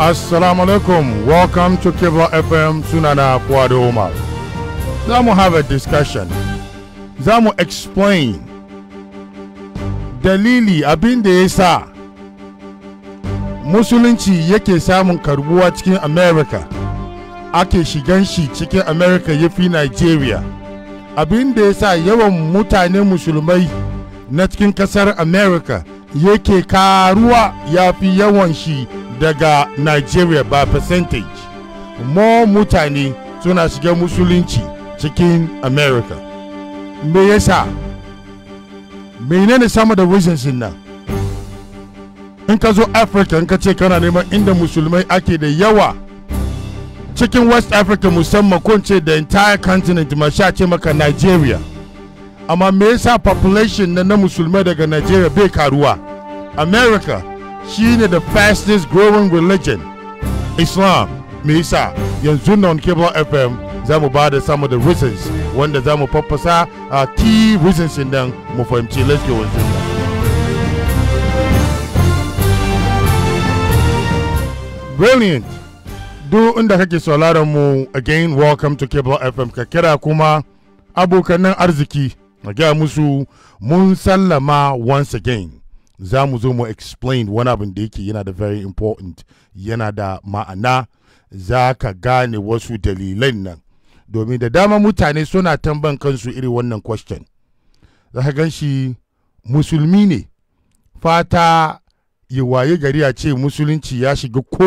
Assalamu alaikum. Welcome to Kibla FM Sunana Fuado Umar. Za mu have a discussion. Za explain dalili abin da ya sa musulunci yake samun karbuwa cikin America ake shigan shi cikin America ya fi Nigeria. Abin da ya sa yawan mutane musulmai na cikin kasar America yake karuwa ya fi yawan shi daga nigeria by percentage more mutane suna shiga musulunci cikin america me yasa menene sama da wajen nan in ka zo africa in ka ce kana neman inda musulmai ake da yawa cikin west africa musamman ko ce da entire continent ma sha ce maka nigeria amma me yasa population na na musulmai daga nigeria bai karuwa america shine the fastest growing religion islam me yasa yanzu nan cable fm za mu ba da some of the reasons wanda za mu faffasa a key reasons nan mu fahimci let's go with brilliant duk inda kake sauraron mu again welcome to cable fm ka kira kuma abokanan arziki a gaya musu mun sallama once again za mu zo mu explain wani abin da yake yana da very important yana da ma'ana za ka gane wasu dalilan nan domin da dama mutane suna tamban kansu irin wannan question za ka gan shi musulmi ne fata ya waye gari a ce musulunci ya shiga ko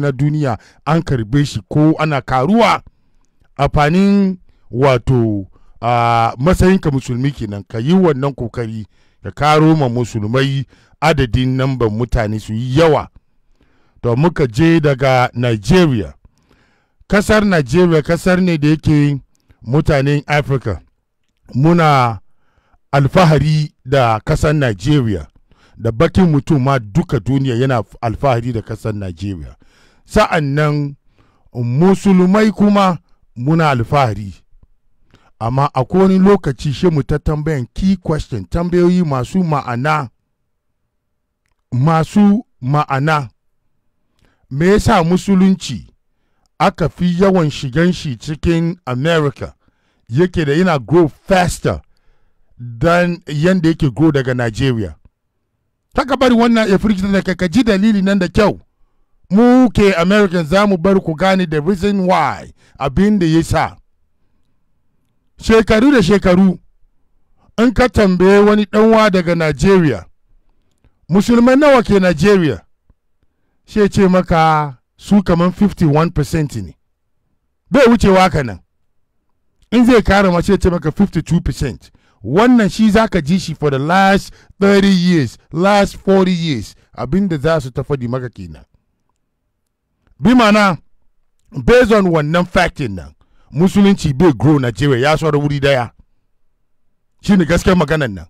na duniya an karbe shi ko ana karuwa a fanin wato a matsayinka musulmi kenan ka yi wannan kokari da karo ma musulmai adadin namban mutane su yi yawa to muka je daga nigeria kasar nigeria kasar ne da yake mutanen afirka muna alfahari da kasar nigeria da bakin mutum ma duka duniya yana alfahari da kasar nigeria sa'an nan musulmai kuma muna alfahari amma a wani lokaci shi mu ta tambayan key question tambayoyi masu ma'ana masu ma'ana me yasa musulunci aka fi yawan shigan shi cikin america yake da yana grow faster dan yadda yake grow daga nigeria taka bari wannan ya da ka ji dalili nan da kyau mu ke american za mu bar ku gane the reason why abin da ya sa shekaru da shekaru in ka tambaye wani ɗanwa daga Najeriya, musulmai nawa ke Najeriya, shi ce maka su kaman 51% ne, bai wucewa ka nan, in zai kara ma ce maka 52%, wannan shi za ka ji shi for the last 30 years, last 40 years, abinda za su ta faɗi maka kenan. Bi mana, based on wannan factin nan, musulunci bai grow Najeriya ya saura wuri daya shine gaskiyar maganan nan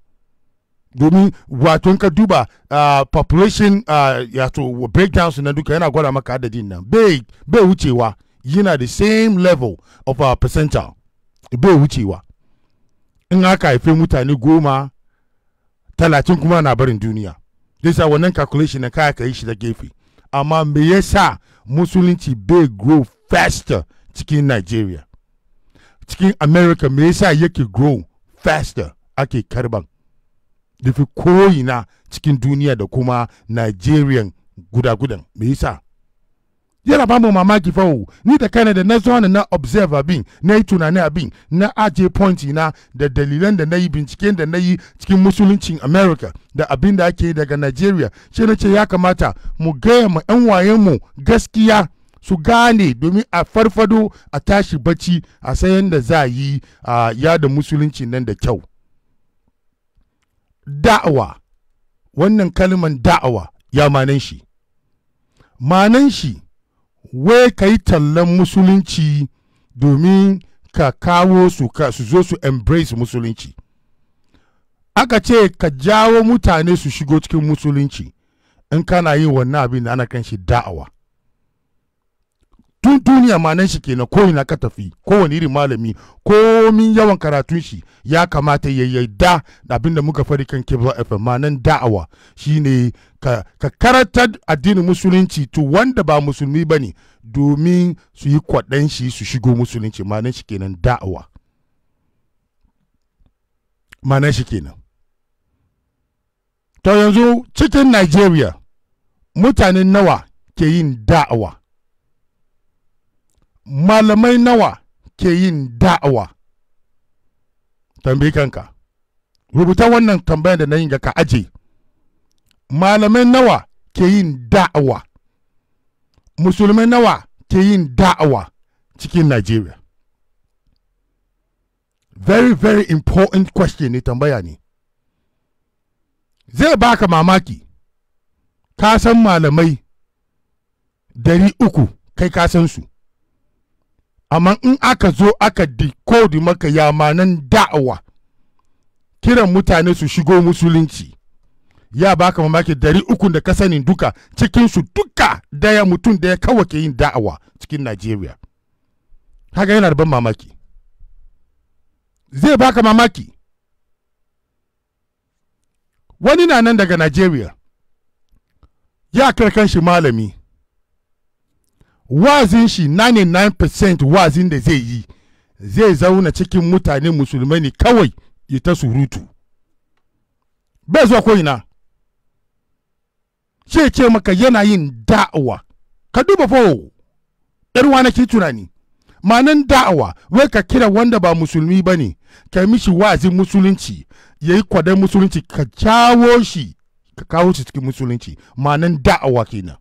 domin wato ka duba uh, population uh, ah, yato breakdowns na duka yana gwada maka adadin nan bai wucewa yana the same level of our percentile bai wucewa in aka haife mutane goma talatin kuma na barin duniya sa wannan calculation na kaya ka yi shi da gefe amma me yasa musulunci bai grow faster cikin nigeria cikin america me yasa yake grow faster ake karban koyi koyina cikin duniya da kuma nigerian guda-gudan me yasa yana ba mu mamaki fawo ni da kaina da na zo na observe bin na yi tunani abin na aje point na da dalilan da na yi binciken da na yi cikin musuluncin america da abin da ake daga nigeria shi na ce ya kamata mu gaya ma 'yan wayenmu gaskiya su gane domin a farfado a tashi bacci a san yadda za yi a yada musulunci nan da kyau da'awa wannan kalman da'awa ya manan shi manan shi wai ka yi tallan musulunci domin ka kawo su ka su zo su embrace musulunci aka ce ka jawo mutane su shigo cikin musulunci in kana yin wannan abin da ana kan shi da'awa tun duniya ma nan shi kenan ko ina ka tafi kowane irin malami ko min yawan karatun shi ya kamata ya yadda abinda muka fari kan kebla fm nan da'awa shine ka, ka karatar addinin musulunci to wanda ba musulmi ba ne domin su yi kwaɗan shi su shigo musulunci ma nan shi kenan da'awa nan shi kenan to yanzu cikin nigeria mutanen nawa ke yin da'awa malamai nawa ke yin da'awa tambayi kanka rubuta wannan tambayar da na yin ga ka aje malamai nawa ke yin da'awa musulmai nawa ke yin da'awa cikin Najeriya. Very, very important question ne tambaya ne. Zai baka mamaki, ka san malamai dari uku kai ka san su. amma in aka zo aka decode maka yamanan da'awa kiran mutane su shigo musulunci ya baka mamaki dari uku da ka sanin duka cikinsu duka daya mutum daya kawai ke yin da'awa cikin najeriya haka yana da ban mamaki zai baka mamaki wani na nan daga najeriya ya karkan shi malami wazin shi 99% wazin da zai yi zai zauna cikin mutane musulmai ne kawai ya ta surutu bai zuwa ko'ina ce ce maka yana yin da'awa ka duba fo ɗan wani tunani manan da'awa wai ka kira wanda ba musulmi ba ne ka mishi wazin musulunci ya yi kwadon musulunci ka jawo shi ka kawo shi cikin musulunci manan da'awa kenan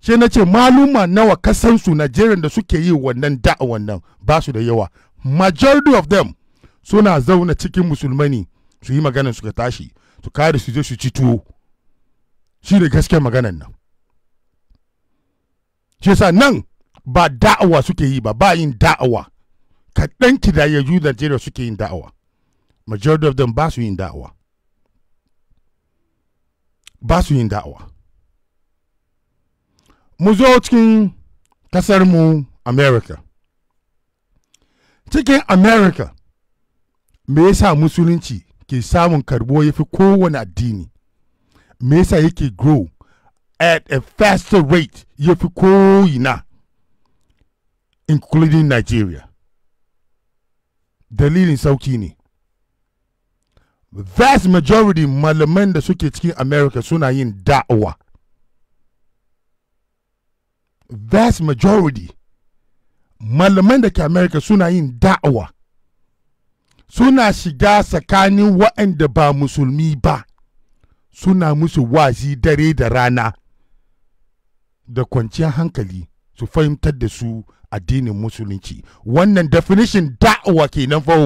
sai na ce maluma nawa kasansu najeriya da suke yi wannan da'a wannan ba su da yawa majority of them suna zauna cikin musulmani su yi maganan suka tashi su kare su je su ci tuwo shi ne gaskiyar maganan nan shi sa nan ba da'awa suke yi ba ba yin da'awa kaɗan kidayayyu Najeriya suke yin da'awa majority of them ba su yin da'awa ba su yin da'awa mu zo cikin kasar mu america cikin america me yasa musulunci ke samun karbo ya fi kowane addini me yasa yake grow at a faster rate ya fi koyina including nigeria dalilin sauki ne vast majority malaman da suke cikin america suna yin da'awa vast majority malaman da ke america suna yin da'awa suna shiga tsakanin waɗanda ba musulmi ba suna musu wazi dare da rana da kwanciyar hankali su fahimtar da su addinin musulunci wannan definition da'awa kenan fa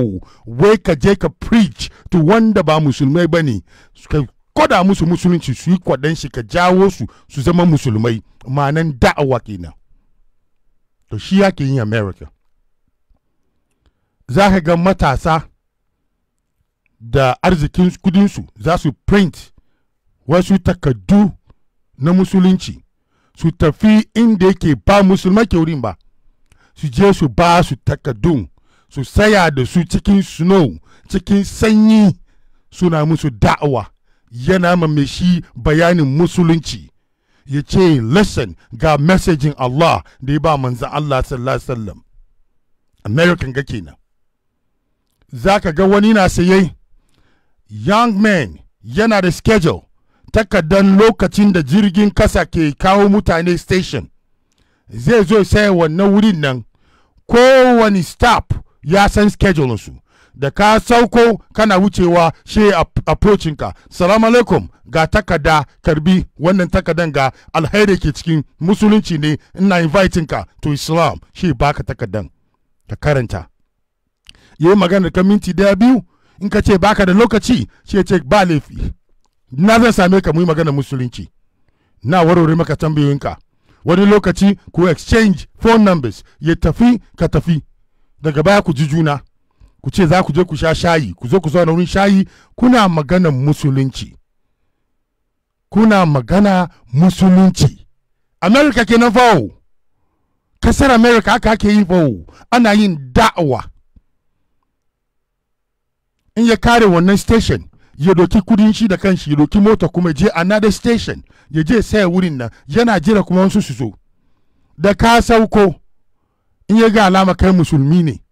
wai ka je ka preach to wanda ba musulmai ba ne koda musu musulunci su yi kwadon shi ka jawo su su zama musulmai ma'anan da'awa kenan to shi yake yin america za ka ga matasa da arzikin kudinsu za su print wasu takardu na musulunci su tafi inda yake ba musulmai ke wurin ba su je su ba su takardun su saya da su cikin snow cikin sanyi suna musu da'awa yana mai shi bayanin musulunci ya ce listen ga messagin Allah da ya ba manzan Allah sallallahu alaihi wasallam American ga kenan za ka ga wani na saye young man yana da schedule takardar lokacin da jirgin kasa ke kawo mutane station zai zo sai wannan wurin nan kowane stop ya san schedule su da ka sauko kana wucewa she ka salamu alaikum ga takada karbi wannan takadan ga alheri ke cikin musulunci ne ina inviting ka to islam she baka takadan ka karanta yi magana ka minti daya biyu in ka ce baka da lokaci she ce ba laifi na zan same ka muyi magana musulunci na warware maka tambayoyinka wani lokaci ku exchange phone numbers ya tafi ka tafi daga baya ku ji juna ku ce za ku je ku sha shayi ku zo ku zauna wurin shayi kuna magana musulunci kuna magana musulunci america kenan fawo kasar america aka ake yi fawo ana yin da'awa in ya kare wannan station ya doki kudin shi da kanshi ya doki mota kuma je another station ya je saya wurin nan yana jira kuma wasu su zo da ka sauko in ya ga alama kai musulmi ne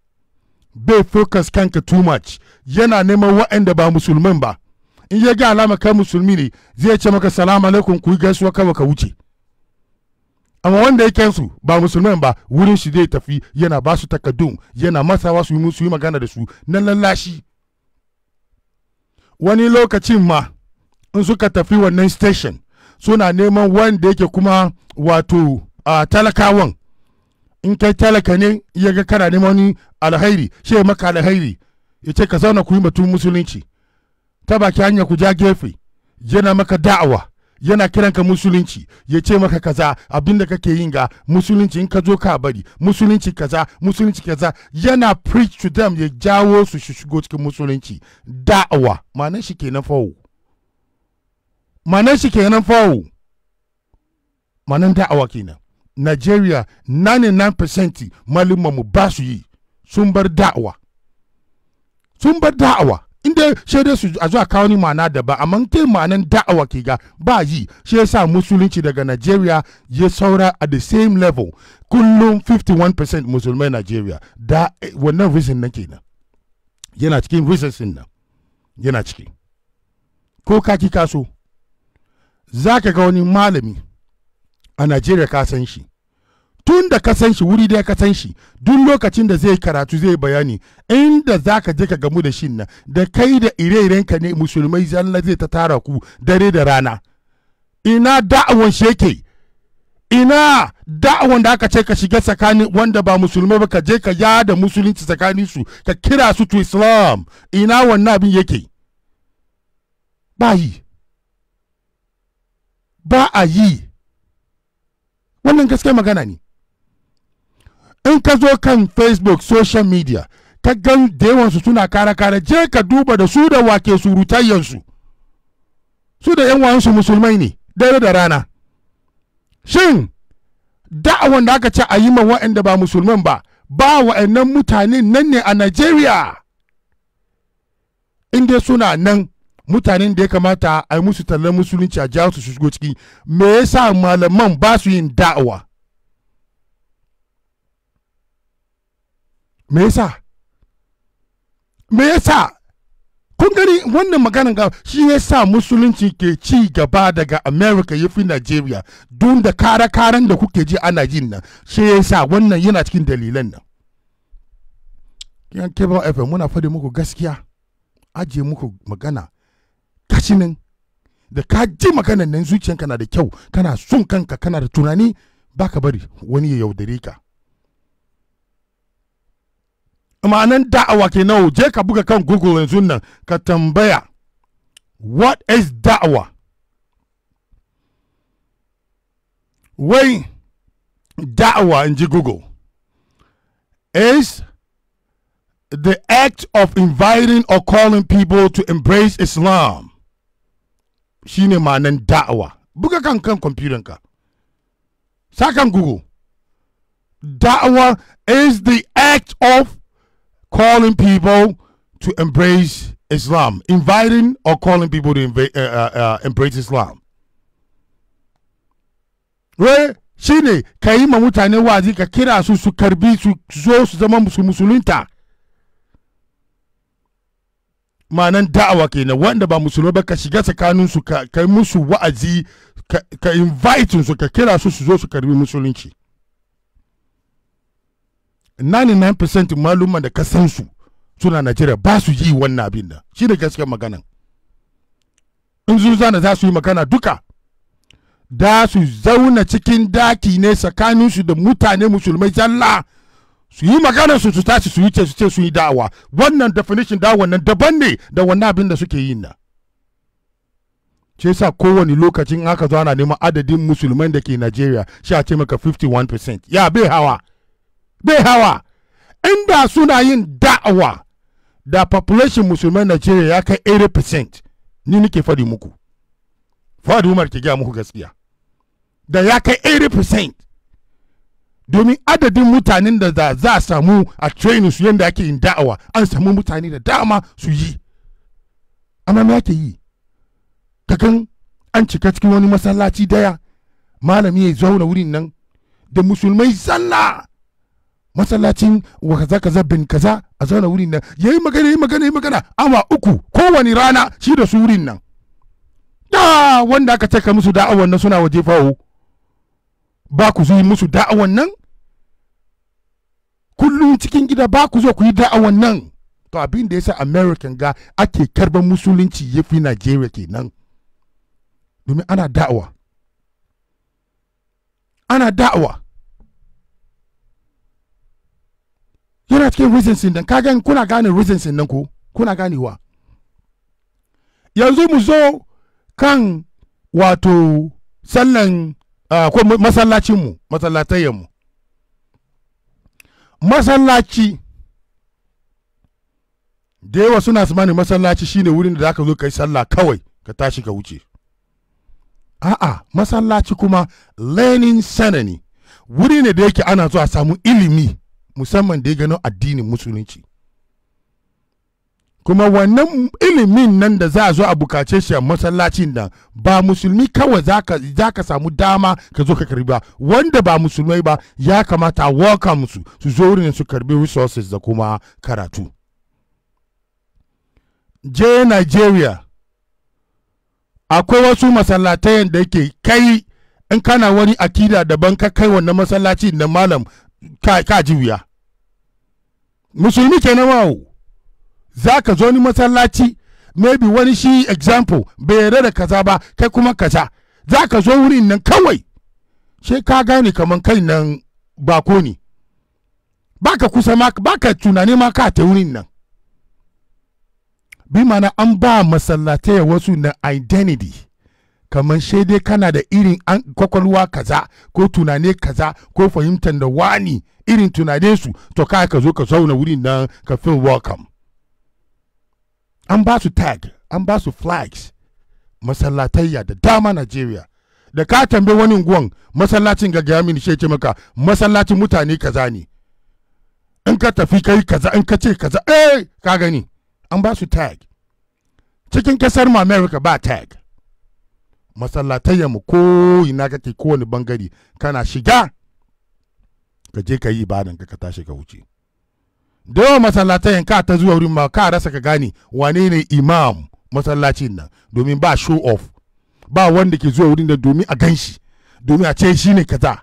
bai focus kanka too much yana neman waɗanda ba musulman ba in ya ga alama kai musulmi ne zai ce maka salamu alaikum ku gaisuwa kawai ka wuce amma wanda yake su ba musulman ba wurin shi zai tafi yana ba su takaddun yana masawa su yi magana da su na lallashi wani lokacin ma in suka tafi wannan station suna neman wanda yake kuma wato a talakawan in kai talaka ne ya ga kana neman wani alhairi shi ya maka alhairi ya ce ka zauna ku yi batun musulunci ta baki hanya ku ja gefe yana maka da'awa yana kiran ka musulunci ya ce maka kaza abinda kake yin ga musulunci in ka zo ka bari musulunci kaza musulunci kaza yana preach to them ya jawo su shigo cikin musulunci da'awa ma'ana shi ke nan fawo ma'ana shi ke nan fawo ma'ana da'awa kenan nigeria 99% mu ba su yi sun bar da'awa sun bar da'awa inda da su a zuwa kawo ni ma'ana da ba amma ta ma'anan da'awa ke ga ba yi shi yasa musulunci daga nigeria ya saura at the same level kullum 51% musulmai nigeria da wannan reason na kenan yana cikin reasons nan yana ciki ko ka kaso za ka ga wani malami a najeriya ka san shi tun da ka san shi wuri da ka san shi duk lokacin da zai karatu zai bayani inda za ka je ka gamu da shi nan da kai da ire ka ne musulmai zalla zai ta tara ku dare da rana ina da'awan sheke yake ina da'awan da aka ce ka shiga tsakanin wanda ba musulmai ba ka je ka yada musulunci tsakanin su ka kira su to islam ina wannan abin yake ba yi ba a yi wannan gaske magana ne in ka zo kan facebook social media ka gan da yawansu suna kara kara je ka duba da su da wake surutayyansu su da 'yan wayansu musulmai ne dare da rana shin da'awan wanda aka ce a yi ma wa'anda ba musulman ba ba wa'annan mutanen nan ne a nigeria in dai suna nan mutanen da ya kamata a yi musu tallar musulunci a jawo su shigo ciki me ya sa malaman ba su yin da'awa me ya sa me ya sa kun gani wannan maganan ga shi ya sa musulunci ke ci gaba daga america ya fi nigeria don da kare-karen da kuke ji ana jin nan shi ya sa wannan yana cikin dalilan nan yan kebon fm muna faɗi muku gaskiya ajiye muku magana Kashinin da ka ji maganan nan zuciyanka na da kyau kana son kanka kana da tunani baka bari wani ya yaudare ka ma'anan da'awa ke nawa je ka buga kan google yanzu nan ka tambaya what is da'awa wai da'awa in ji google is the act of inviting or calling people to embrace islam shine manan da'awa buga kan kan kwamfutanka sa kan google da'awa is the act of calling people to embrace Islam, inviting or calling people to uh, uh, uh, embrace Islam. Wai shi ne ka yi ma mutane wazi ka kira su su karbi su zo su zama musulunta manan da'awa kenan wanda ba musulmai ba ka shiga tsakanin su ka kai musu wa'azi ka invite su ka kira su su zo su karbi musulunci 99% maluma da ka san su suna Najeriya ba su yi wannan abin da shi da gaskiyar magana in zana za su yi magana duka da su zauna cikin daki ne tsakaninsu da mutane musulmai zalla su yi magana su su tashi su yi ce su ce su yi da'awa wannan definition da wannan daban ne da wannan abin da suke yin na ce sa kowane lokacin haka zo ana neman adadin musulman da ke Najeriya a ce maka 51% ya bai hawa bai hawa inda suna yin da'awa da population musulman Najeriya ya kai 80% ni nake fadi muku fadi Umar ke gaya muku gaskiya da ya kai 80% domin adadin mutanen da za a samu a training su yadda ake yin da'awa an samu mutane da dama su yi amma me ake yi kakan an cika cikin wani masallaci daya malami ya zauna wurin nan da musulmai sallah masallacin wa kaza kaza bin kaza a zauna wurin nan yayi magana yayi magana yayi magana awa uku kowane rana shi da su wurin nan da wanda aka cika musu da'awan nan suna waje fawo ba ku yi musu da'awan nan kullum cikin gida ba ku zo ku yi da'awan nan to abin da yasa american ga ake karban musulunci ya fi nigeria kenan domin ana da'awa ana da'awa yana cikin reasons din ka gani kuna gane reasons din ko kuna ganewa yanzu mu zo kan wato sallan uh, ko masallacinmu masallatayenmu masallaci da yawa suna mani masallaci shine wurin da za ka zo ka yi sallah kawai ka tashi ka wuce a'a masallaci kuma learning center ne wuri ne da yake ana zuwa samu ilimi musamman da ya gano addinin musulunci kuma wannan ilimin nan da za a zo a bukace shi a masallacin nan ba musulmi kawai za ka samu dama ka zo ka karbi ba wanda ba musulmai ba ya kamata welcome musu su zo wurin su karbi resources da kuma karatu je nigeria akwai wasu masallatayen da yake kai in kana wani akida daban ka kai wannan masallacin da malam ka ji wuya musulmi kenan wawo za ka zo ni masallaci maybe wani shi example bai yarda da kaza ba kai kuma kaza za ka zo wurin nan kawai she ka gane kaman kai nan bako ne baka kusa ma baka tunani ma ka ta wurin nan bi mana an ba masallatai wasu na identity kamar sai dai kana da irin an kwakwalwa kaza ko tunane kaza ko fahimtar da wani irin tunane su to ka ka zo ka zauna wurin nan ka feel welcome an ba su tag an ba su flags masallatayya da dama nigeria da ka tambayi wani unguwan masallacin gaggawa mini shi ce maka masallacin mutane kaza ne in ka tafi kai kaza in ka ce kaza eh ka gani an ba su tag cikin kasar mu America ba tag masallatayya mu ko ina kake kowane bangare kana shiga ka je ka yi ibadan ka tashi ka wuce da yawan masallatan ka ta zuwa wurin ma ka rasa ka gane wane ne imam masallacin nan domin ba show off ba wanda ke zuwa wurin da domin a gan shi domin a ce shi ne kaza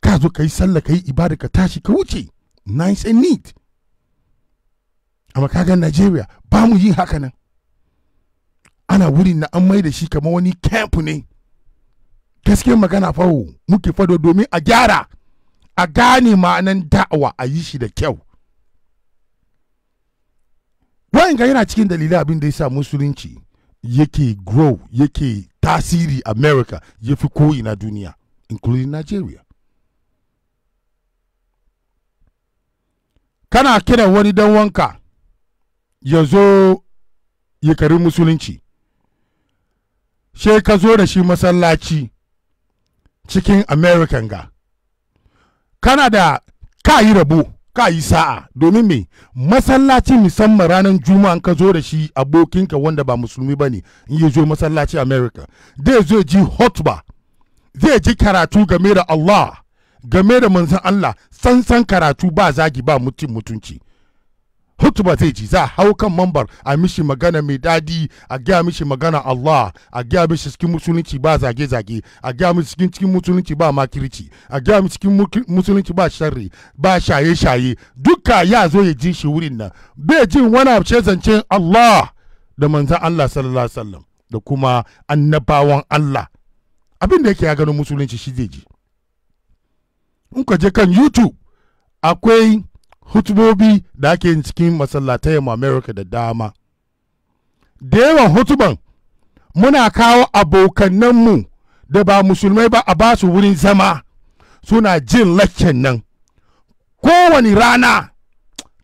ka zo ka yi sallah ka yi ibada ka tashi ka wuce nice and neat amma ga Najeriya ba mu yi haka nan ana wurin na an mai da shi kamar wani camp ne gaskiyar magana fawo oh, muke fado domin a gyara a gane ma'anan da'awa a yi shi da kyau wayan ga yana cikin dalilin abin da ya sa musulunci yake grow yake tasiri america ya fi ko'ina duniya including nigeria kana kiran wani dan wanka ya zo ya kari musulunci sai ka zo da shi masallaci cikin american ga kana da ka yi rabo ka yi sa'a domin me masallaci musamman ranar juma'a ka zo da shi abokinka wanda ba musulmi ba ne in yi zo masallaci america zai zo ji hotba zai ji karatu game da allah game da manzan allah sansan karatu ba zagi ba mutum mutunci hutuba zai ji za a hau kan mambar a mishi magana mai dadi a gaya mishi magana Allah a gaya mishi cikin musulunci ba zage-zage a gaya mishi cikin cikin musulunci ba makirci a gaya mishi cikin musulunci ba sharri ba shaye-shaye duka ya zo ya ji shi wurin nan bai jin wani abu zance Allah da manzan Allah sallallahu alaihi wasallam da kuma annabawan Allah abin da yake ya gano musulunci shi zai ji in ka je kan YouTube akwai hutubobi da ake yin cikin masallatai ma america da dama da yawan hutuban muna kawo abokannanmu da ba musulmai ba a basu wurin zama suna jin lakken nan kowane rana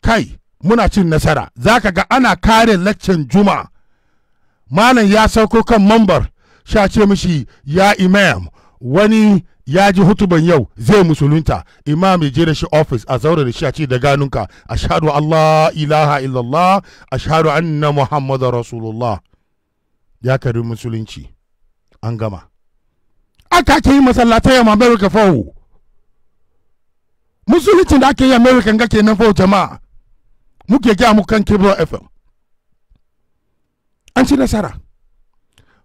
kai muna cin nasara za ka ga ana kare lakken juma malam ya sauko kan mambar sha ce mishi ya imam wani ya ji hutuban yau zai musulunta imam ya je da shi ofis a zaura da shi a ce da ganunka ashhadu allah ilaha illallah ashhadu anna Muhammadu rasulullah ya kari musulunci an gama aka ke yi masallata yamma america fawo musuluncin da ake yi america ga ke nan fawo jama'a muke gya mu kan kibro fm an ci nasara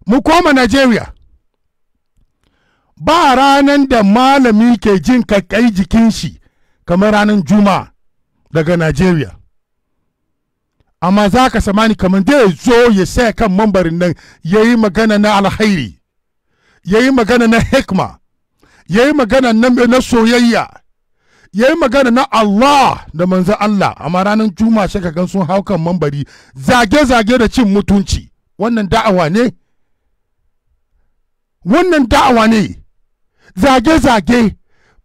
mu koma nigeria ba ranan da malami ke jin kakkai jikin shi kamar ranar juma'a daga Najeriya. Amma za ka samani kamar zai zo ya saya kan mambarin nan ya yi magana na alhairi, ya yi magana na hikma, ya yi magana na soyayya, ya yi magana na Allah da manzo Allah, amma ranar juma'a shi gan sun hau kan mambari zage-zage da cin mutunci. Wannan da'awa ne? Wannan da'awa ne? zage-zage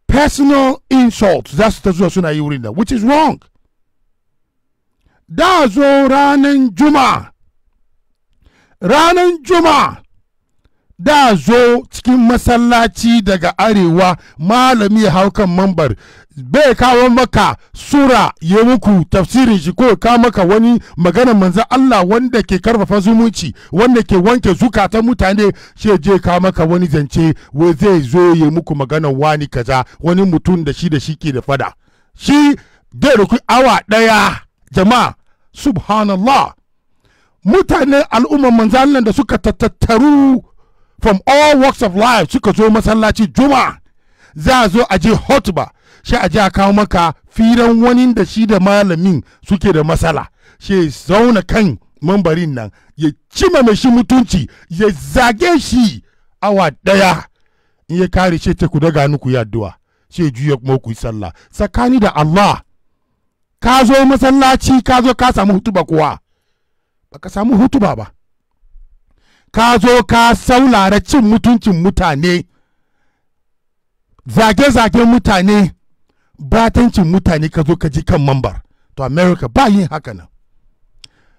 personal insult za su ta zuwa suna yi wurin da which is wrong da zo ranan juma ranan juma da zo cikin masallaci daga arewa malami ya mambar bai kawo maka sura ya muku tafsirin shi ko ka maka wani magana manzo Allah wanda ke karfafa zumunci wanda ke wanke zukatan mutane shi je ka maka wani zance wai zai zo ya muku magana wani kaza wani mutum da shi da shi ke da fada shi da ruku awa daya jama'a subhanallah mutane al'umma manzo Allah da suka tattaru from all walks of life suka zo masallaci juma'a za a zo a je hotba shi a ji a kawo maka firan wani da shi da malamin suke da matsala shi zauna kan mambarin nan ya cima mai shi mutunci ya zage shi awa ɗaya in ya kare shi ta ku daga nuku ku addu'a shi juya kuma ku yi sallah tsakani da Allah ka zo masallaci ka zo ka samu hutuba kuwa ba ka samu hutuba ba ka zo ka saulara cin mutuncin mutane zage-zagen mutane batancin mutane ka zo ka ji kan mambar to america ba yin haka nan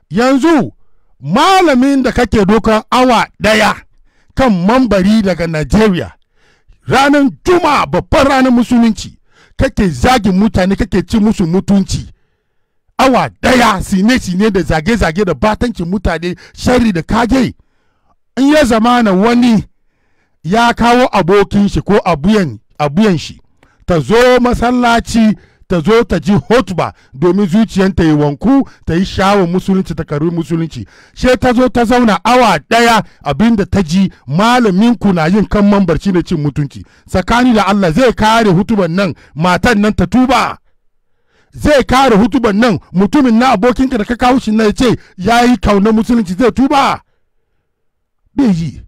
yanzu malamin da kake dokan awa daya kan mambari daga nigeria ranar juma babban ranar musulunci kake zagin mutane kake ci musu mutunci awa daya sine-sine da zage-zage da batancin mutane shari da kage in ya zamana wani ya kawo abokin shi ko abuyan shi ta zo masallaci ta zo ta ji hutuba domin zuciyanta yi wanku ta yi shawon musulunci ta karbi musulunci she ta zo ta zauna awa daya abinda ta ji malaminku na yin kan mambarci da cin mutunci tsakani da Allah zai kare hutuban nan matan nan ta tuba zai kare hutuban nan mutumin na abokinka da ka kawo shi na ya ce ya yi kaunar musulunci zai tuba bai yi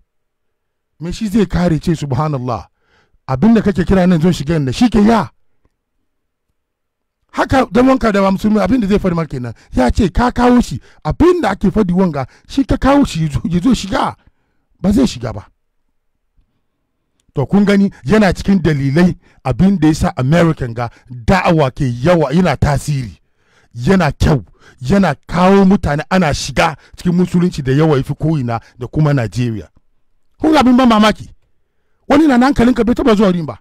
me shi zai kare ce subhanallah abin da kake kira nan zo shiga yanda shi ke ya haka ka da musulmi abin da zai faɗi maka kenan ya ce ka kawo shi abin da ake faɗi wanga shi ka kawo shi ya zo shiga ba zai shiga ba to kun gani yana cikin dalilai abin da ya sa american ga da'awa ke yawa yana tasiri yana kyau yana kawo mutane ana shiga cikin musulunci da yawa ya yafi ko'ina da kuma nigeria kun abin ban mamaki wani na nankalin ka bai taba zuwa rimba ba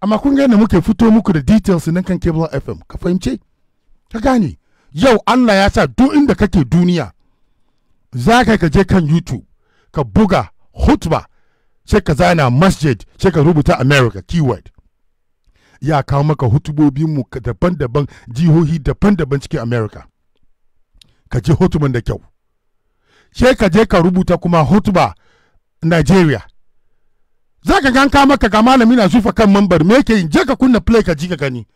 amma kun ga muke fito muku da details nan kan cable fm ka fahimce ka gane yau allah ya sa duk inda kake duniya za ka ka je kan youtube ka buga hutba sai ka zana masjid sai ka rubuta america keyword ya kawo maka hutubobinmu daban-daban jihohi daban-daban cikin america ka je hutuban da kyau sai ka je ka rubuta kuma hutuba nigeria za ka gan ka maka ga malami na zufa kan mambar me yake je ka kunna play ka ji ka gani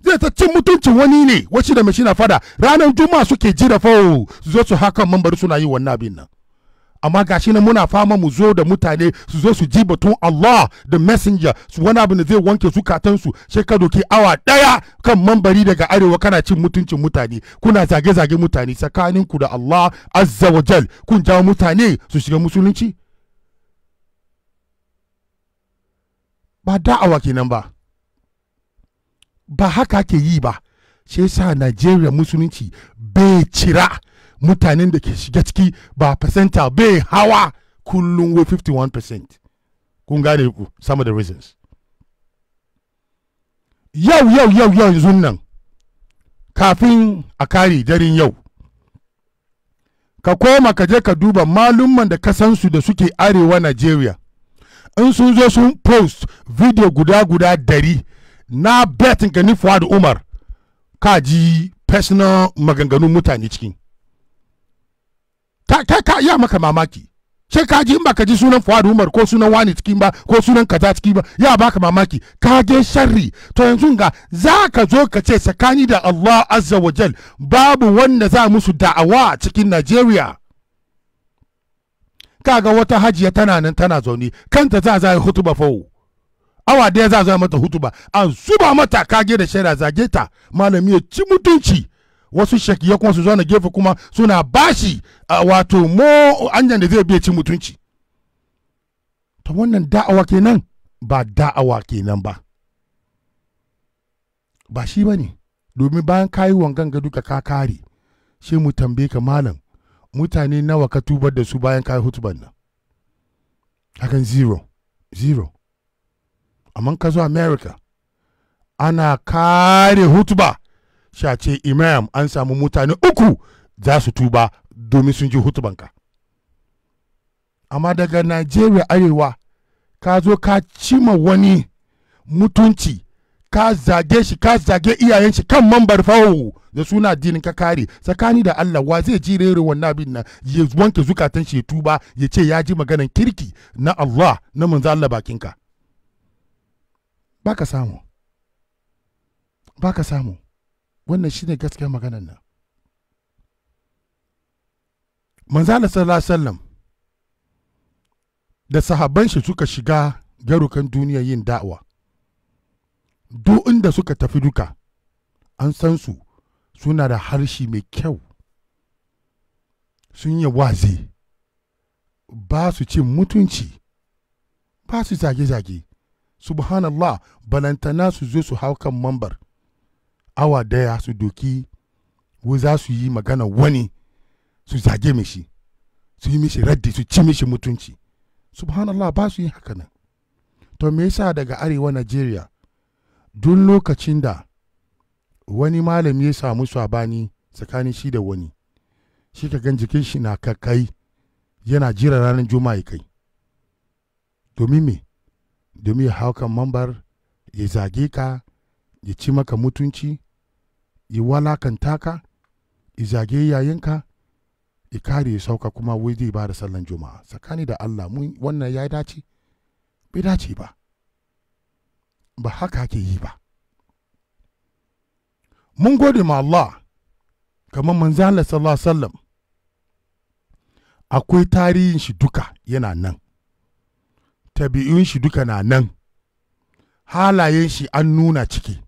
zai ta cin mutuncin wani ne wacce da mashina fada ranar juma'a suke jira fawo oh, su zo su haka mambar suna yi wannan abin nan amma gashi na muna fama mu zo da mutane su zo su ji batun Allah da messenger su wani abu da zai wanke su sai ka doki awa daya kan mambari daga arewa kana cin mutuncin mutane kuna zage-zage mutane tsakaninku da Allah azza wa kun jawo mutane su shiga musulunci ba da'awa kenan ba ba haka ke yi ba shi yasa najeriya musulunci bai cira mutanen da ke shiga ciki ba fasenta bai hawa kullum wai 51% kun gane ku some of the reasons yau yau yau yau yanzu nan kafin a kare daren yau ka koma ka je ka duba malumman da kasansu da suke arewa najeriya in sun zo sun post video guda guda dari na bet gani fuad umar ka ji personal maganganun mutane cikin ka ka ya maka mamaki sai ka ji in ka ji sunan fuad umar ko sunan wani cikin ba ko sunan kaza cikin ba ya baka mamaki ka je sharri to yanzu ga za ka zo ka ce tsakani da Allah azza wa jal babu wanda za musu da'awa cikin nigeria kaga wata hajiya tana nan tana zaune kanta za za yi hutuba fawo awa daya za za mata hutuba an zuba mata kage da shaida zage ta malami ya ci mutunci wasu shakiya kuma su zo gefe kuma suna bashi wato mo anyan da zai biya ci mutunci ta wannan da'awa kenan ba da'awa kenan ba ba shi ba ne domin bayan kayi wangan ga duka ka kare shi mu tambaye ka malam mutane nawa ka tubar da su bayan kai hutuban nan hakan zero zero amma ka zo america ana kare hutuba shace ce imam an samu mutane uku za su tuba domin sun ji ka amma daga nigeria arewa ka zo ka cima wani mutunci ka zage shi ka zage iyayen shi kan mambar fawo da suna addinin ka kare tsakani da Allah wa zai ji rere wannan abin nan ya wanke zukatan shi tuba ya ce ya ji maganan kirki na Allah na manzo Allah bakin ka baka samu baka samu wannan shine gaskiyar maganan nan manzo Allah sallallahu alaihi wasallam da sahabban shi suka shiga garukan duniya yin da'awa duk inda suka tafi duka an san su suna da harshe mai kyau sun yi waze ba su cin mutunci ba su zage-zage subhanallah balantana su zo su haukan mambar awa daya su doki wo za su yi magana wani su zage mishi su yi mishi raddi su ci mishi mutunci subhanallah ba su yi haka nan to me yasa daga arewa najeriya duk lokacin da wani malami ya samu sabani tsakanin shi da wani shi ka gan jikin shi na kakai yana jira ranar juma'a kai domin me domin ya hau kan mambar ya zage ka ya ci maka mutunci ya walakanta ka ya zage yayinka ya kare ya sauka kuma wai zai ba da sallan juma'a tsakani da allah wannan ya dace bai dace ba ba haka ake yi ba mun gode ma Allah kamar manzo Allah sallallahu akwai tarihin shi duka yana nan tabi'un shi duka na nan halayen shi an nuna ciki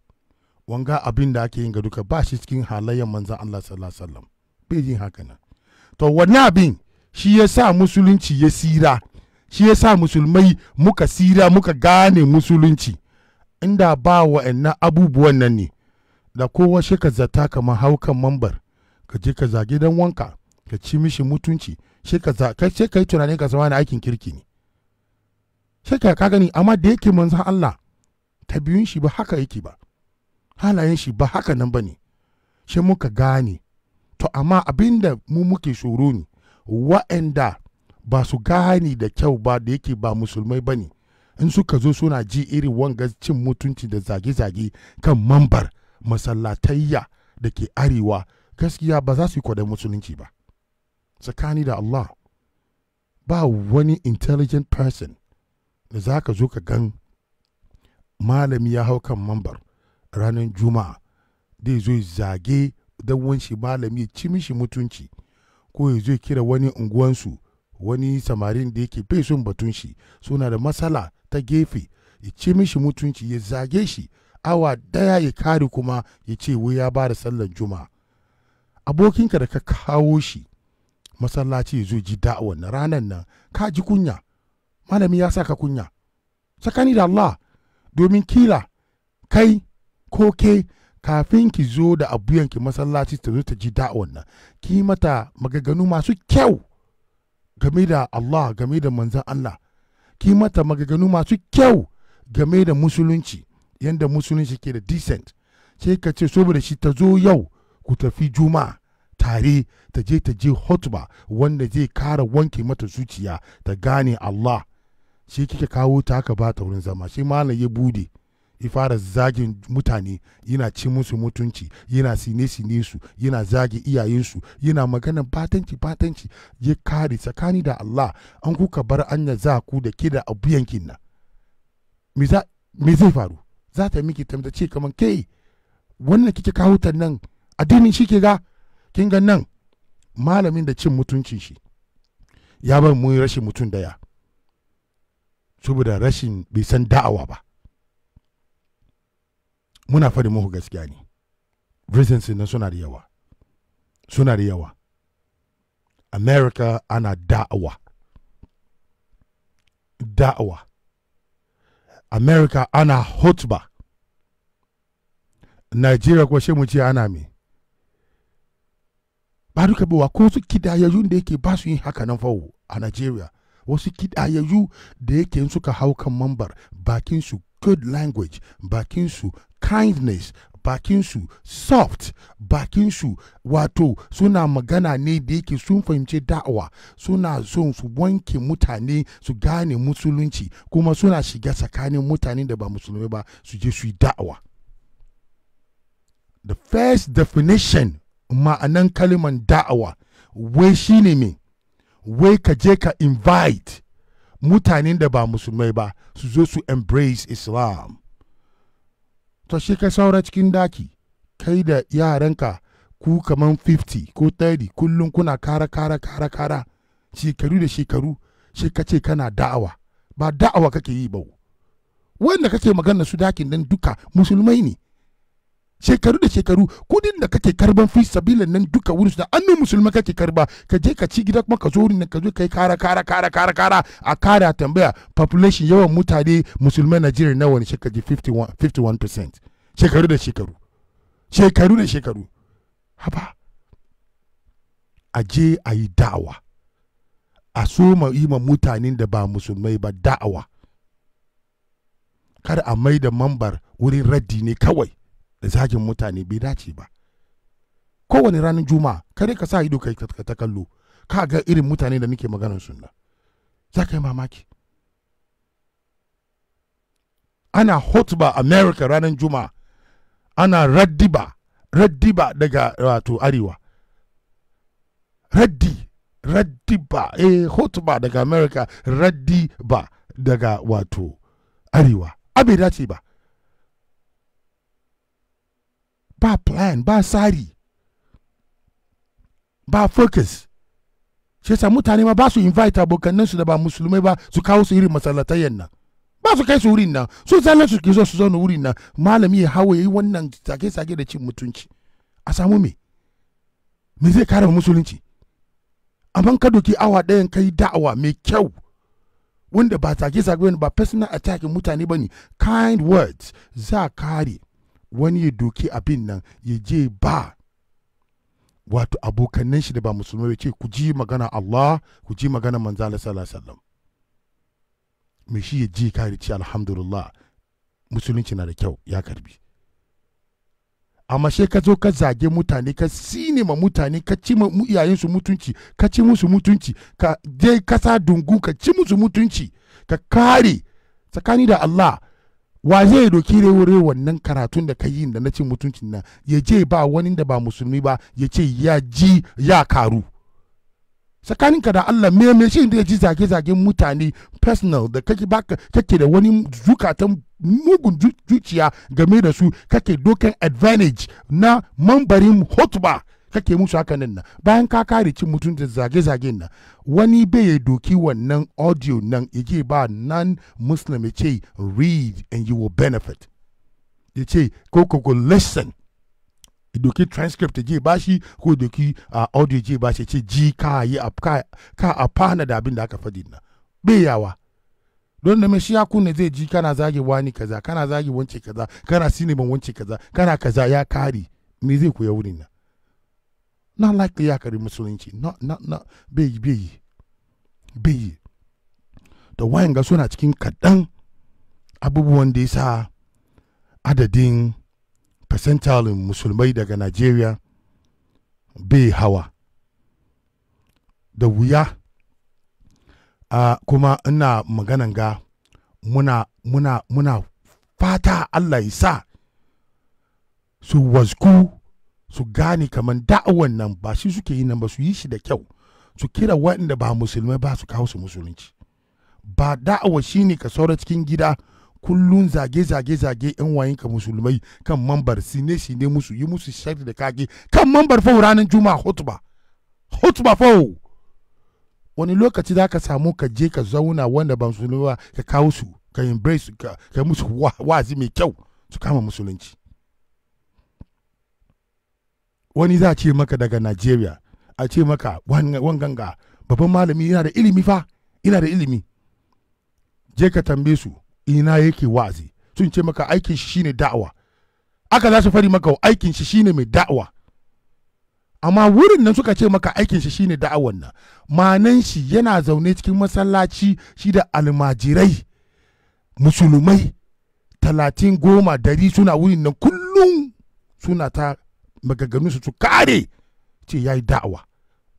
wanga abin da ake yin ga duka ba shi cikin halayen manzan Allah sallallahu alaihi bai yin haka nan to wannan abin shi ya sa musulunci ya sira shi ya sa musulmai muka sira muka gane musulunci inda ba wa'annan abubuwan nan ne da kowa shi ka zata kamar haukan mambar ka je ka zage dan wanka ka ci mishi mutunci shi ka za kai sai kai tunanin ka zama aikin kirki ne shi ka gani amma da yake manzon Allah ta biyun shi ba haka yake ba halayen shi ba haka nan ba ne shi muka gane to amma abin da mu muke shoro ne wa'anda ba su gane da kyau ba da yake ba musulmai ba ne in suka zo suna ji irin wanga cin mutunci da zage-zage kan mambar masallatayya da ke arewa gaskiya ba za su yi kwadon musulunci ba tsakani da Allah ba wani intelligent person da za ka zo ka gan malami ya hau kan mambar ranar juma'a zai zo zage don wanshi malami ya ci mishi mutunci ko ya zo kira wani unguwansu wani samarin da yake bai son batun shi suna da matsala ta gefe ya ce mishi mutunci ya zage shi awa daya ya kare kuma ya ce wai ya ba da sallar juma abokinka da ka kawo shi masallaci ya zo ji da'awar na ranar nan ka ji kunya malami ya sa ka kunya tsakani da Allah domin kila kai ko ke kafin ki zo da abuyanki masallaci ta zo ta ji da'awar nan ki mata magaganu masu kyau game da Allah game da manzan Allah ki mata magaganu masu kyau game da musulunci yadda musulunci ke da decent sai ka ce saboda shi ta zo yau ku tafi juma tare ta je ta je hotba wanda zai kara wanke mata zuciya ta gane Allah shi kika kawo ta aka ba ta wurin zama shi malam ya bude ya fara zagin mutane yana ci musu mutunci yana sine sine su yana zagi iyayensu yana magana batanci batanci ya kare tsakani da Allah an kuka bar anya za ku da ke da abu yankin na me zai faru za ta miki tamta ce kamar ke wannan kike kawo ta nan addinin shi ke ga kin ga nan malamin da cin mutuncin shi ya bar mu rashin mutun daya saboda rashin bai san da'awa ba muna faɗi muku gaskiya ne reasons na suna da yawa suna da yawa america ana da'awa da'awa america ana hotba nigeria kuwa shi mu ce ana me ba duka bawa ko su kidayayun da yake ba su yin haka nan fawo a nigeria wasu kidayayyu da yake suka hau kan mambar bakin su good language bakin su kindness su soft su wato suna magana ne da yake sun fahimci da'awa suna son su wanke mutane su gane musulunci kuma suna shiga tsakanin mutane da ba musulmi ba su je su yi da'awa the first definition ma'anan kaliman da'awa wai shine me wai ka je ka invite mutanen da ba musulmai ba su zo su embrace islam to shi ka saura cikin daki kai da yaranka ku kaman 50 ko 30 kullum kuna kara kara kara kara shekaru da shekaru shi ka ce kana da'awa ba da'awa kake yi ba wanda kake magana su dakin nan duka musulmai ne shekaru da shekaru kudin da kake karban fi sabilin nan duka wurin da annu musulma kake karba ka je ka ci gida kuma ka zo wurin ka zo kai kara kara kara kara kara a kara tambaya population yawan mutane musulman Najeriya nawa ne shekaru 51 51% shekaru da shekaru shekaru da shekaru haba a je a yi da'awa a so ma yi ma mutanen da ba musulmai ba da'awa kar a mai da mambar wurin raddi ne kawai zagin mutane bai dace ba kowane ranar juma'a kare ka sa ido kai ta kallo ka ga irin mutane da nake maganar sunna za ka yi mamaki ana hotba america ranar juma'a ana raddiba raddiba daga wato arewa raddi raddiba eh hotba daga america raddiba daga wato arewa abin dace ba ba plan ba sari ba focus shi yasa mutane ma ba su invite abokanan su da ba musulmai ba su kawo su irin masalatayen nan ba su kai su wurin nan su zalla su ke zo su zauna wurin nan malami ya hawo yi wannan sake-sake da cin mutunci a samu me me zai kare musulunci amma ka doki awa ɗayan kai da'awa mai kyau wanda ba take sake ba personal attack mutane bane kind words za kare wani ya doki abin nan ya je ba wato abokanan shi da ba musulmai ce ku ji magana Allah ku ji magana manzo Allah sallallahu alaihi wasallam me shi ya ji kare ce alhamdulillah musulunci na da kyau ya karbi amma sai ka zo ka zage mutane ka sinima mutane ka ci iyayensu mutunci ka ci musu mutunci ka je kasa dungu ka ci musu mutunci ka kare tsakani da Allah wa zai doki rewure wannan karatun da ka yi da na ce mutuncin nan ya je ba wani da ba musulmi ba ya ce ya ji ya karu tsakaninka da Allah me me shi da ya ji zage-zagen mutane personal da kake baka kake da wani zukatan mugun zuciya game da su kake dokan advantage na mambarin hotba kake musu haka nan na bayan ka kare cin mutum da zage-zagen nan wani bai ya doki wannan audio nan ije ba nan muslim ya ce read and you will benefit ya ce ko ko listen doki transcript je ba shi ko doki ah, audio je ba shi ce ji ka yi ka a fana da abin da aka faɗi na bai yawa don da mai shi ya kunne zai ji kana zage wani kaza kana zage wance kaza kana siniman wance kaza kana kaza ya kare me zai koya wurin nan not likely ya karbi musulunci not not not bai bai bai da wayan ga suna cikin kaɗan abubuwan da ya sa adadin percentalin musulmai daga Najeriya bai hawa da wuya uh, kuma ina maganan ga muna muna muna fata Allah ya sa su wasku su gane kamar da'awan nan ba shi suke yi nan ba su yi shi da kyau su kira waɗanda ba musulmai ba su kawo su musulunci ba da'awa shine ka saura cikin gida kullun zage zage zage yan ka musulmai kan mambar sine sine musu yi musu shari da kage kan mambar fau ranar juma hutuba hutuba fau wani lokaci za ka samu ka je ka zauna wanda ba musulmi ba ka kawo su ka embrace ka, musu wazi mai kyau su kama musulunci wani za a ce maka daga Najeriya a ce maka wanganga babban malami yana da ilimi fa ina da ilimi je ka tambaye su ina yake wazi sun ce maka aikin shi shine da'awa aka za su fari maka aikin shi shine mai da'awa amma wurin nan suka ce maka aikin shi shine da'awan nan manan shi yana zaune cikin masallaci shi da almajirai musulmai talatin goma dari suna wurin nan kullum suna ta maganganun su su kare ce yayi da'awa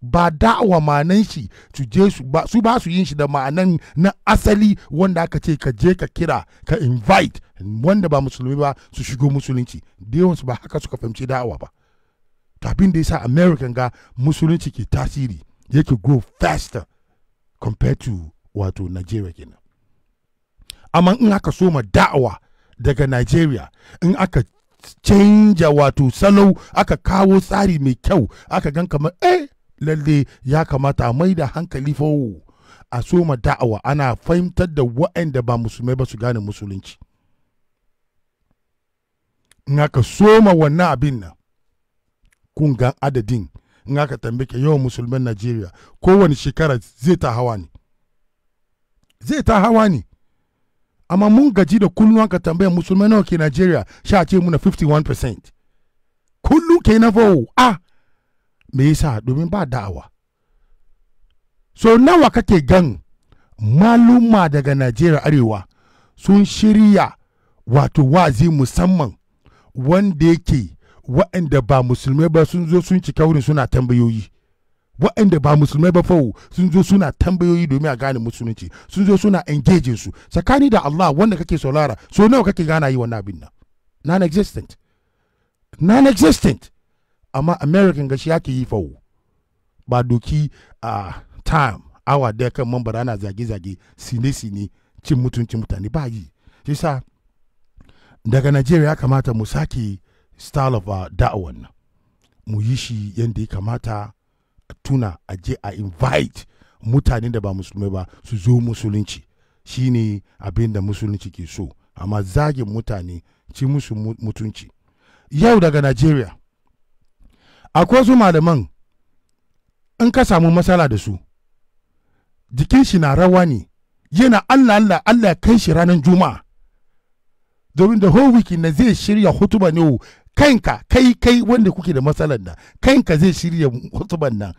ba da'awa ma'anan shi su je su ba su ba su yin shi da ma'anan na asali wanda aka ce ka je ka kira ka invite wanda ba musulmi ba su shigo musulunci da yawansu ba haka suka fahimci da'awa ba abin da yasa american ga musulunci ke tasiri yake go faster compared to wato nigeria kenan amma in aka soma da'awa daga nigeria in aka canja wato salau aka kawo tsari mai kyau aka gan kamar eh lalle ya kamata mai da hankali fawo a soma da'awa ana fahimtar da wa'anda ba musulmai ba su gane musulunci in aka soma wannan abin nan kun gan adadin in aka tambake yawan musulman najeriya kowane shekara zai ta hawa ne zai ta hawa ne ama mun gaji da kullum ka tambaya musulmai nawa ke nigeria sha ce muna 51% kullum ke na fawo a me yasa domin ba da'awa so nawa kake gan maluma daga nigeria arewa sun shirya wato wazi musamman wanda yake waɗanda ba musulmai ba sun zo sun cika wurin suna tambayoyi waɗanda ba musulmai ba fawo sun zo suna tambayoyi domin a gane musulunci sun zo suna engage su tsakani da Allah wanda kake saurara so nawa kake gana yi wannan abin nan non-existent non-existent amma american gashi yake yi fawo ba doki a time awa da kan mambara ana zage-zage sine-sine cin mutunci mutane ba yi shi sa daga nigeria ya kamata mu sake style of uh, da'awan mu yi shi yadda ya kamata tuna a je a invite mutane da ba musulmai ba su zo musulunci shine abin da musulunci ke so amma zagin mutane ci musu mutunci yau daga nigeria akwai su malaman in ka samu matsala da su jikin shi na rawa ne yana allah allah allah kai shi ranar juma'a domin da whole week na zai shirya hutuba ne kanka kai kai wanda kuke da matsalar nan kanka zai shirya hutuban nan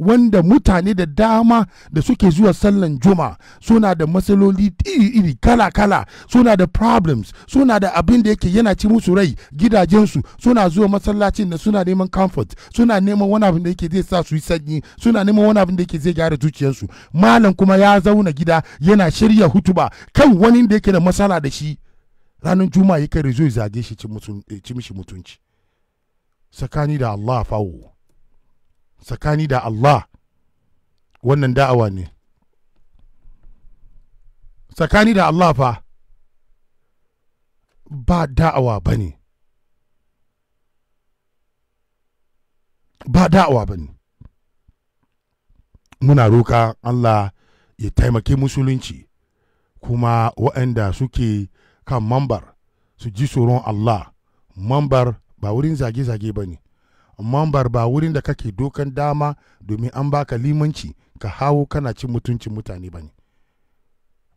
wanda mutane da dama da suke zuwa sallan juma suna da matsaloli iri-iri kala-kala suna da problems suna da abin da yake yana ci musu rai gidajensu suna zuwa masallacin da suna neman comfort suna neman wani abin da yake zai sa su yi sanyi suna neman wani abin da yake zai gyara zuciyarsu malam kuma ya zauna gida yana shirya hutuba kan wani da yake da matsala da shi ranar juma'a ya rizo zage shi ci mutunci tsakani da allah fawo tsakani da Allah wannan da'awa ne tsakani da Allah fa ba da'awa ba ne ba da'awa ba ne muna roka Allah ya taimake musulunci kuma waɗanda suke kan mambar su ji tsoron Allah mambar ba wurin zage-zage ba ne amma ba wurin da kake dokan dama domin an baka limanci ka hawo kana cin mutuncin mutane ba ne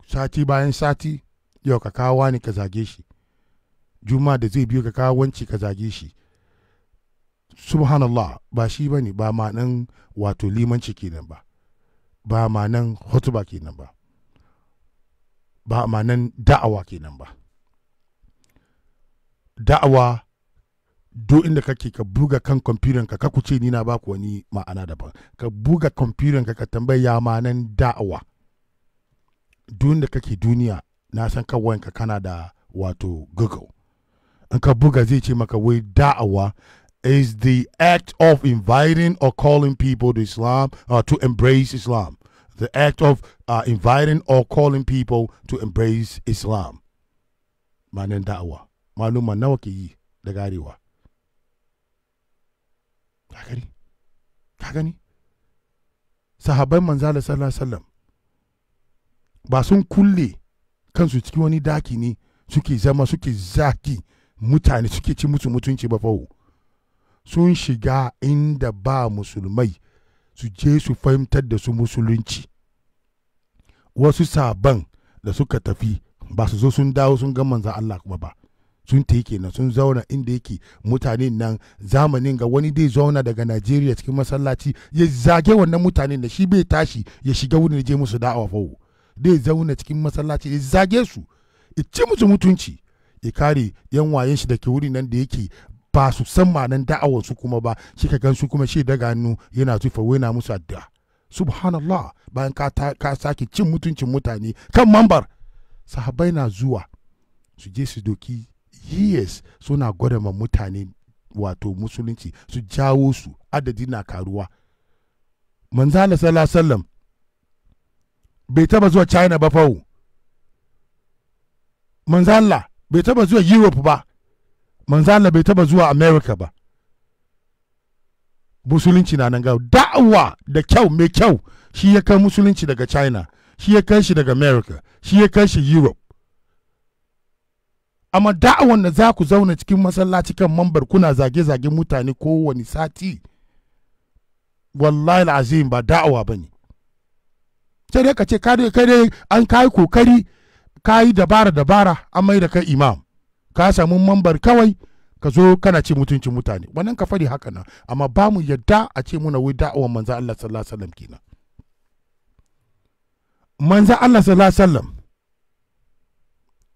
sati bayan sati yau ka kawo ne ka zage shi juma da zai biyo ka kawo wanci ka zage shi subhanallah ba shi ba ne ba ma nan wato limanci kenan ba ba ma nan hutuba kenan ba ba ma nan da'awa kenan ba da'awa do inda kake ka buga kan kwamfutan ka ku ce ni na baku wani ma'ana daban ka buga kwamfutan ka ka tambayi yamanan da'awa duk inda kake duniya na san kawai ka kana da wato google in ka buga zai ce maka wai da'awa is the act of inviting or calling people to Islam uh, to embrace Islam. The act of uh, inviting or calling people to embrace Islam. Manan da'awa. Maluma nawa ke yi da garewa. ka gani ka gani sahabbai manzala sallallahu sallam ba sun kulle kansu cikin wani daki ne suke zama suke zaki mutane suke ci musu mutunci ba fawo sun shiga inda ba musulmai su je su fahimtar da su musulunci wasu saban da suka tafi ba su zo sun dawo sun ga manzan Allah kuma ba sun ta na sun zauna inda yake mutane nan zamanin ga wani dai zauna daga najeriya cikin masallaci ya zage wannan mutanen da shi bai tashi ya shiga wurin ya je musu da'awa fawo dai zauna cikin masallaci ya zage su ya ci musu mutunci ya kare yan wayen shi da ke wuri nan da yake ba su san ma'anan da'awar su kuma ba shi ka gan su kuma shi daga hannu yana tufa wena musu addu'a subhanallah bayan ka sake cin mutuncin mutane kan mambar sahabai na zuwa su je su doki years suna gwada ma mutane wato musulunci su jawo su adadi na karuwa manzana sallallahu bai taba zuwa china ba fawo manzana bai taba zuwa europe ba manzana bai taba zuwa america ba musulunci na nan ga da'awa da kyau mai kyau shi ya kai musulunci daga china shi ya kai shi daga america shi ya kai shi europe amma da'awan da za ku zauna cikin masallaci kan mambar kuna zage-zage mutane kowane sati wallahi azim ba da'awa ba ne sai dai ka ce kai dai an kayi kokari kayi dabara-dabara an mai da kai imam ka samu mambar kawai ka zo kana ce mutuncin mutane wannan ka fari haka nan amma ba mu yadda a ce muna wai da'awan manzo Allah sallallahu alaihi wasallam kenan manzo Allah sallallahu alaihi wasallam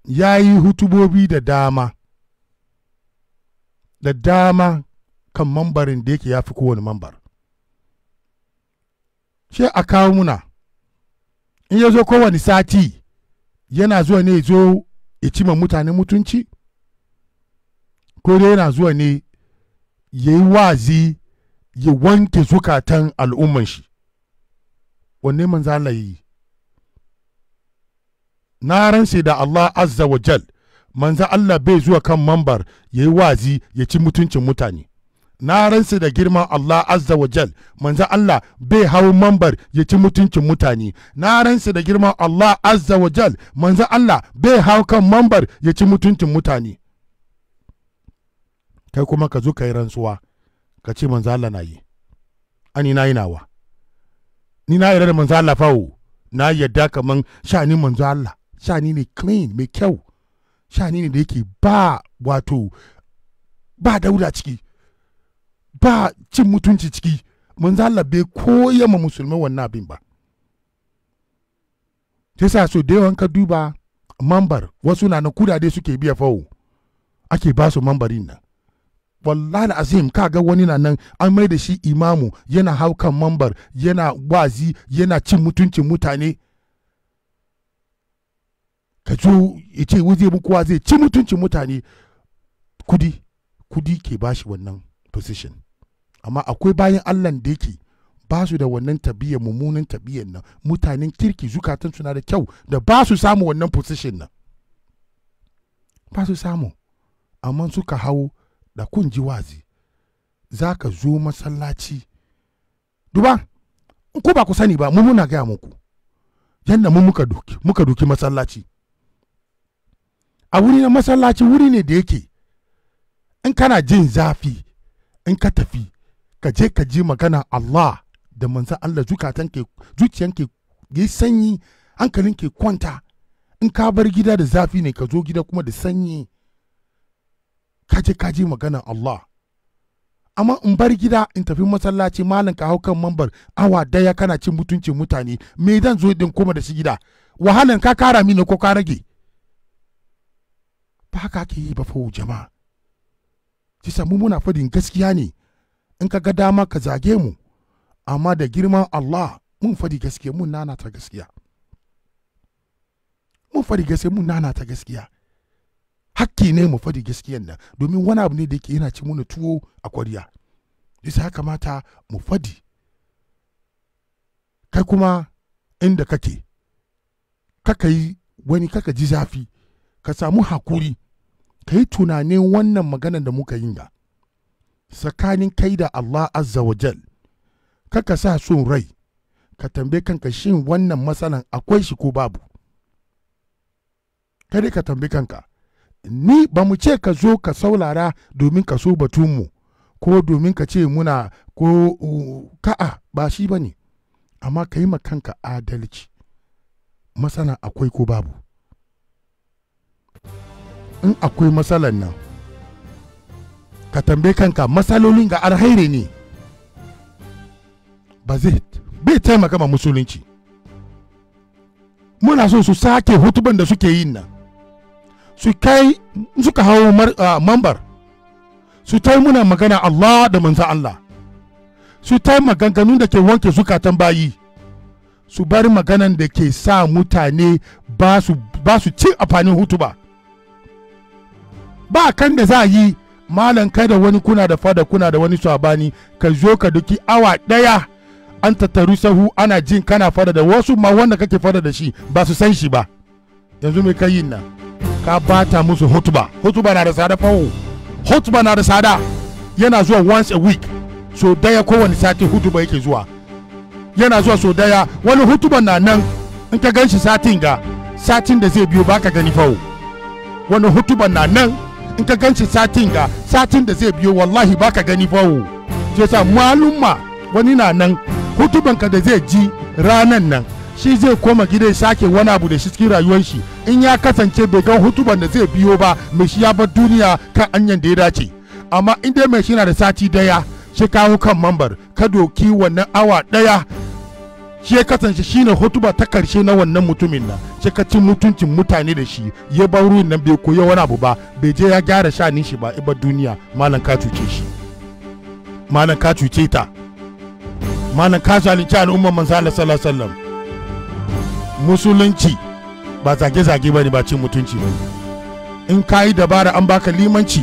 ya yi hutubobi da dama da dama kan mambarin da yake ya fi kowane mambar shi a kawo muna in ya zo kowane sati yana zuwa ne zo ya cima mutane mutunci ko dai yana zuwa ne ya yi wazi ya wanke zukatan al'umman shi wanne manzala yi na ranse da Allah azza wa jal manzo Allah bai zuwa kan mambar ya yi wazi ya ci mutuncin mutane na ransa da girman Allah azza wa jal manzo Allah bai hau mambar ya ci mutuncin mutane na ransa da girman Allah azza wa jal manzo Allah bai hau kan mambar ya ci mutuncin mutane kai kuma ka zo ka yi rantsuwa ka ce manzo Allah na yi ani na yi nawa ni na yarda da manza Allah fawo na yadda kaman sha'anin manzo Allah shani ne clean mai kyau shani ne da yake ba wato ba dauda ciki ba cin mutunci ciki mun zalabe ko yamma musulmai wannan abin ba ta sa so da yawan ka duba mambar wasu na na kudade suke biya fawo ake ba su mambarin nan wallahi azim ka ga wani na nan an mai da shi imamu yana haukan mambar yana wazi yana cin mutuncin mutane ka zo ya ce zai mu kowa zai ci mutuncin mutane kudi kudi ke ba shi wannan position amma akwai bayan allah da yake ba su da wannan tabiyyar mummunan tabiyyar nan mutanen kirki zukatan suna da kyau da ba su samu wannan position nan ba su samu amma suka hau da kun ji wazi za ka zo masallaci duba ko ba ku sani ba mu muna gaya muku yadda mu muka doki masallaci a wuri na masallaci wuri ne da yake in kana jin zafi in ka tafi ka je ka ji magana Allah da manzo Allah zukatan ke zuciyan ke yi sanyi hankalin ke kwanta in ka bar gida da zafi ne ka zo gida kuma da sanyi ka je ka ji magana Allah amma in bar gida in tafi masallaci malam ka hau kan mambar awa daya kana cin mutuncin mutane me zan zo din kuma da shi gida wahalan ka kara mini ko ka rage ba haka ake yi ba fa jama'a ki samu muna fadin gaskiya ne in ka ga dama ka zage mu amma da girman Allah mun fadi gaskiya mun nana ta gaskiya mun fadi gaskiya mun nana ta gaskiya hakki ne mu fadi gaskiyan nan domin wani abu ne da yake yana ci muna tuwo a kwariya isa ya kamata mu fadi kai kuma inda kake kaka yi wani kaka ji zafi ka samu hakuri ka yi tunanin wannan maganan da muka yi ga tsakanin kai da Allah azza wa jal kaka sa son rai ka tambaye kanka shin wannan matsalan akwai shi ko babu kada ka tambaye kanka ni ba mu ce ka zo ka saulara domin ka so batunmu ko domin ka ce muna ko ka'a ba shi ba ne amma ka yi kanka adalci matsala akwai ko babu in akwai matsalan nan ka tambaye kanka matsalolin ga alhairi ne ba zai bai taimaka ma musulunci muna so su sake hutuban da suke yin nan su kai suka hau ah, mambar su ta muna magana Allah da manza Allah su ta maganganun da ke wanke zukatan bayi su bari maganan da ke sa mutane ba su cin amfanin hutuba ba kan da za yi malam kai da wani kuna da fada kuna da wani sabani ka zo ka duki awa daya an tattaru sahu ana jin kana fada da wasu ma wanda kake fada da shi ba su san shi ba yanzu mai kai yin nan ka bata musu hutuba hutuba na da sada fawo hutuba na da sada yana zuwa once a week so daya kowane sati hutuba yake zuwa yana zuwa so daya wani hutuba na nan in ka gan shi satin ga satin da zai biyo baka gani fawo wani hutuba na nan in ka gan shi satin ga satin da zai biyo wallahi baka gani bawo shi yasa malumma wani na nan hutuban ka da zai ji ranan nan shi zai koma gida ya sake wani abu da shi cikin rayuwar shi in ya kasance bai ga hutuban da zai biyo ba mai shi ya bar duniya kan anyan da ya dace amma in dai mai shi na da sati daya shi kawo kan mambar ka doki wannan awa daya shi ya kasance shi ne hotuba ta karshe na wannan mutumin nan shi ka mutuncin mutane da shi ya ba ruwan nan bai koya wani abu ba bai je ya gyara shanin shi ba ibar duniya malam ka cuce shi malam ka cuce ta malam ka zalunci al'ummar manzo Allah sallallahu alaihi wasallam musulunci ba zage zage bane ba cin mutunci bane in kai dabara an baka limanci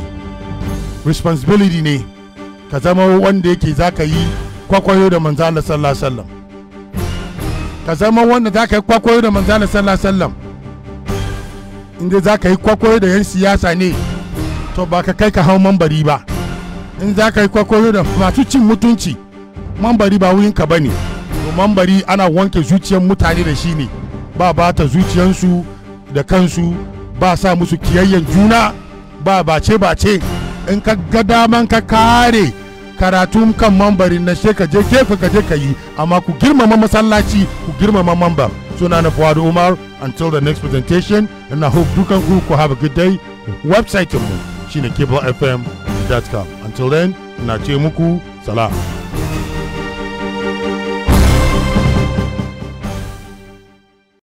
responsibility ne ka zama wanda yake zaka yi kwakwayo da manzo Allah sallallahu alaihi wasallam ka zama wanda za ka yi kwakwayo da manzana sallah sallam inda za ka yi kwakwayo da yan siyasa ne to ba ka kai ka hau mambari ba in za ka yi kwakwayo da masu cin mutunci mambari ba ka ba ne to mambari ana wanke zuciyar mutane da shi ne ba ba ta zuciyarsu da kansu ba sa musu kiyayyen juna ba bace bace in ka ga daman ka kare karatu kan mambari na sheka je gefe ka je ka yi amma ku girmama masallaci ku girmama mamba suna na Fuad Umar until the next presentation and I hope dukan ku ku have a good day website mu shine cablefm.com until then na ce muku salam